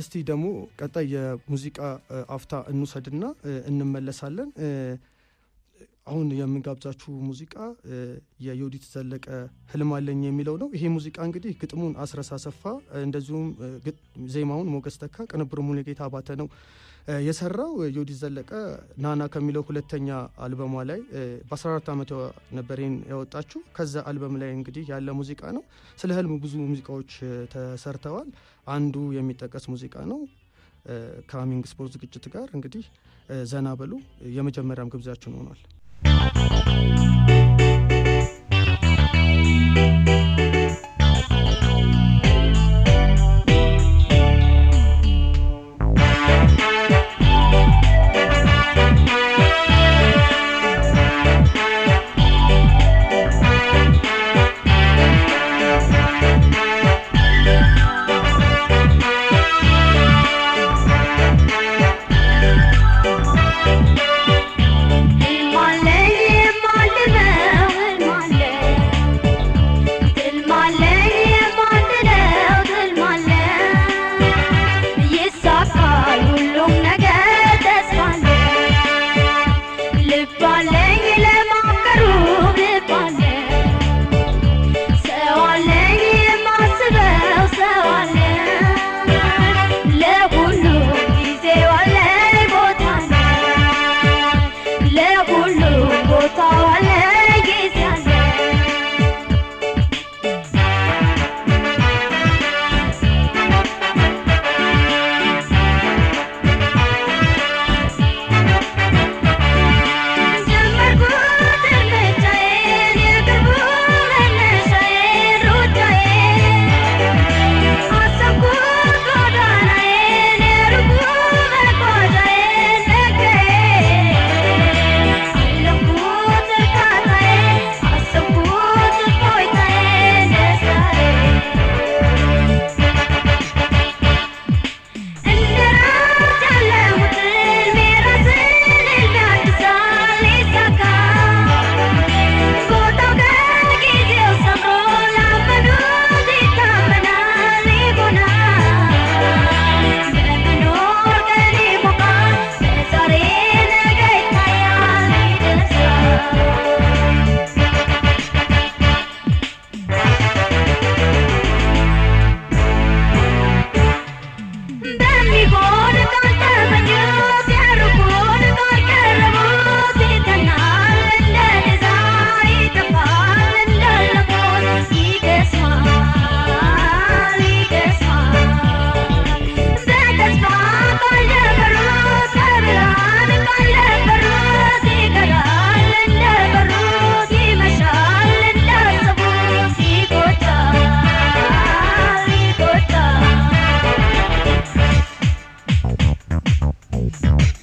እስቲ ደግሞ ቀጣይ የሙዚቃ አፍታ እንውሰድና እንመለሳለን። አሁን የምንጋብዛችሁ ሙዚቃ የዮዲት ዘለቀ ህልም አለኝ የሚለው ነው። ይሄ ሙዚቃ እንግዲህ ግጥሙን አስረስ አሰፋ፣ እንደዚሁም ዜማውን ሞገስ ተካ፣ ቅንብር ሙሉጌታ አባተ ነው የሰራው። ዮዲት ዘለቀ ናና ከሚለው ሁለተኛ አልበሟ ላይ በ14 ዓመት ነበር ያወጣችው። ከዛ አልበም ላይ እንግዲህ ያለ ሙዚቃ ነው። ስለ ህልም ብዙ ሙዚቃዎች ተሰርተዋል። አንዱ የሚጠቀስ ሙዚቃ ነው። ከአሚንግ ስፖርት ዝግጅት ጋር እንግዲህ ዘና በሉ የመጀመሪያም ግብዣችን ሆኗል። Música Peace.